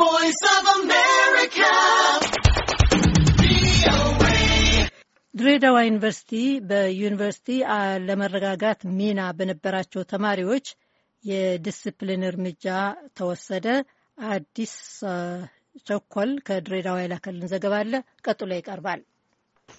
voice of America. ድሬዳዋ ዩኒቨርሲቲ በዩኒቨርሲቲ ለመረጋጋት ሚና በነበራቸው ተማሪዎች የዲስፕሊን እርምጃ ተወሰደ። አዲስ ቸኮል ከድሬዳዋ የላከልን ዘገባ አለ፣ ቀጥሎ ይቀርባል።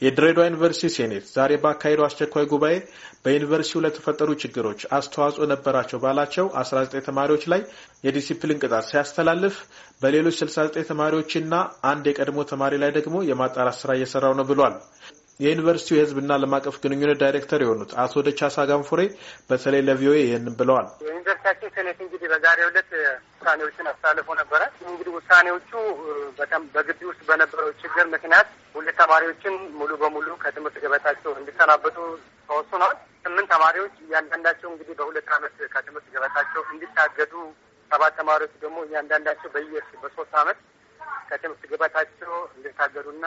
የድሬዳዋ ዩኒቨርሲቲ ሴኔት ዛሬ ባካሄደው አስቸኳይ ጉባኤ በዩኒቨርሲቲው ለተፈጠሩ ችግሮች አስተዋጽኦ ነበራቸው ባላቸው 19 ተማሪዎች ላይ የዲሲፕሊን ቅጣት ሲያስተላልፍ በሌሎች 69 ተማሪዎችና አንድ የቀድሞ ተማሪ ላይ ደግሞ የማጣራት ስራ እየሰራው ነው ብሏል። የዩኒቨርሲቲው የህዝብና ዓለም አቀፍ ግንኙነት ዳይሬክተር የሆኑት አቶ ደቻሳ ጋንፎሬ በተለይ ለቪኦኤ ይህንን ብለዋል። የዩኒቨርሲቲያችን ሴኔት እንግዲህ በዛሬው ዕለት ውሳኔዎችን አስተላልፎ ነበረ። እንግዲህ ውሳኔዎቹ በግቢ ውስጥ በነበረው ችግር ምክንያት ሁለት ተማሪዎችን ሙሉ በሙሉ ከትምህርት ገበታቸው እንዲሰናበቱ ተወስኗል። ስምንት ተማሪዎች እያንዳንዳቸው እንግዲህ በሁለት ዓመት ከትምህርት ገበታቸው እንዲታገዱ፣ ሰባት ተማሪዎች ደግሞ እያንዳንዳቸው በየ በሶስት ዓመት ከትምህርት ገበታቸው እንዲታገዱና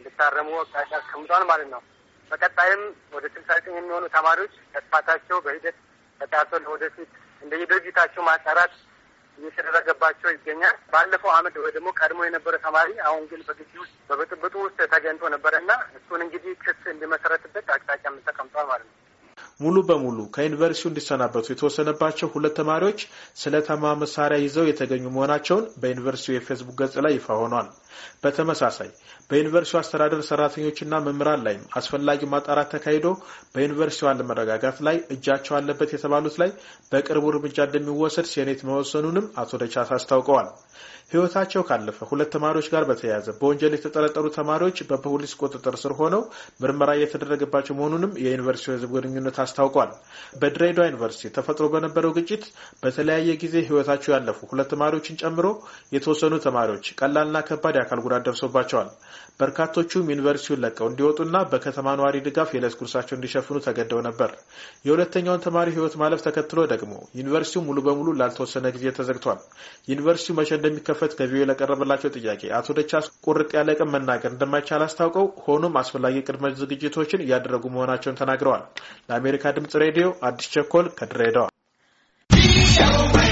እንድታረሙ አቅጣጫ አስቀምጧል ማለት ነው። በቀጣይም ወደ ስልሳ ዘጠኝ የሚሆኑ ተማሪዎች ከጥፋታቸው በሂደት ተጣርቶ ለወደፊት እንደየ ድርጅታቸው ማጣራት እየተደረገባቸው ይገኛል። ባለፈው አመት ወይ ደግሞ ቀድሞ የነበረ ተማሪ አሁን ግን በግቢ ውስጥ በብጥብጡ ውስጥ ተገኝቶ ነበረ እና እሱን እንግዲህ ክስ እንዲመሰረትበት ሙሉ በሙሉ ከዩኒቨርሲቲው እንዲሰናበቱ የተወሰነባቸው ሁለት ተማሪዎች ስለተማ መሳሪያ ይዘው የተገኙ መሆናቸውን በዩኒቨርሲቲው የፌስቡክ ገጽ ላይ ይፋ ሆኗል። በተመሳሳይ በዩኒቨርሲቲው አስተዳደር ሰራተኞችና መምህራን ላይም አስፈላጊ ማጣራት ተካሂዶ በዩኒቨርሲቲው አለመረጋጋት ላይ እጃቸው አለበት የተባሉት ላይ በቅርቡ እርምጃ እንደሚወሰድ ሴኔት መወሰኑንም አቶ ደቻስ አስታውቀዋል። ሕይወታቸው ካለፈ ሁለት ተማሪዎች ጋር በተያያዘ በወንጀል የተጠረጠሩ ተማሪዎች በፖሊስ ቁጥጥር ስር ሆነው ምርመራ እየተደረገባቸው መሆኑንም የዩኒቨርሲቲው ህዝብ ግንኙነት አስታውቋል። በድሬዳዋ ዩኒቨርሲቲ ተፈጥሮ በነበረው ግጭት በተለያየ ጊዜ ህይወታቸው ያለፉ ሁለት ተማሪዎችን ጨምሮ የተወሰኑ ተማሪዎች ቀላልና ከባድ የአካል ጉዳት ደርሶባቸዋል። በርካቶቹም ዩኒቨርሲቲውን ለቀው እንዲወጡና በከተማ ነዋሪ ድጋፍ የዕለት ጉርሳቸው እንዲሸፍኑ ተገደው ነበር። የሁለተኛውን ተማሪ ህይወት ማለፍ ተከትሎ ደግሞ ዩኒቨርሲቲው ሙሉ በሙሉ ላልተወሰነ ጊዜ ተዘግቷል። ዩኒቨርሲቲው መቼ እንደሚከፈት ገቢው ለቀረበላቸው ጥያቄ አቶ ደቻስ ቁርጥ ያለ ቀን መናገር እንደማይቻል አስታውቀው ሆኖም አስፈላጊ ቅድመ ዝግጅቶችን እያደረጉ መሆናቸውን ተናግረዋል። ለአሜሪካ ለአሜሪካ ድምጽ ሬዲዮ አዲስ ቸኮል ከድሬዳዋ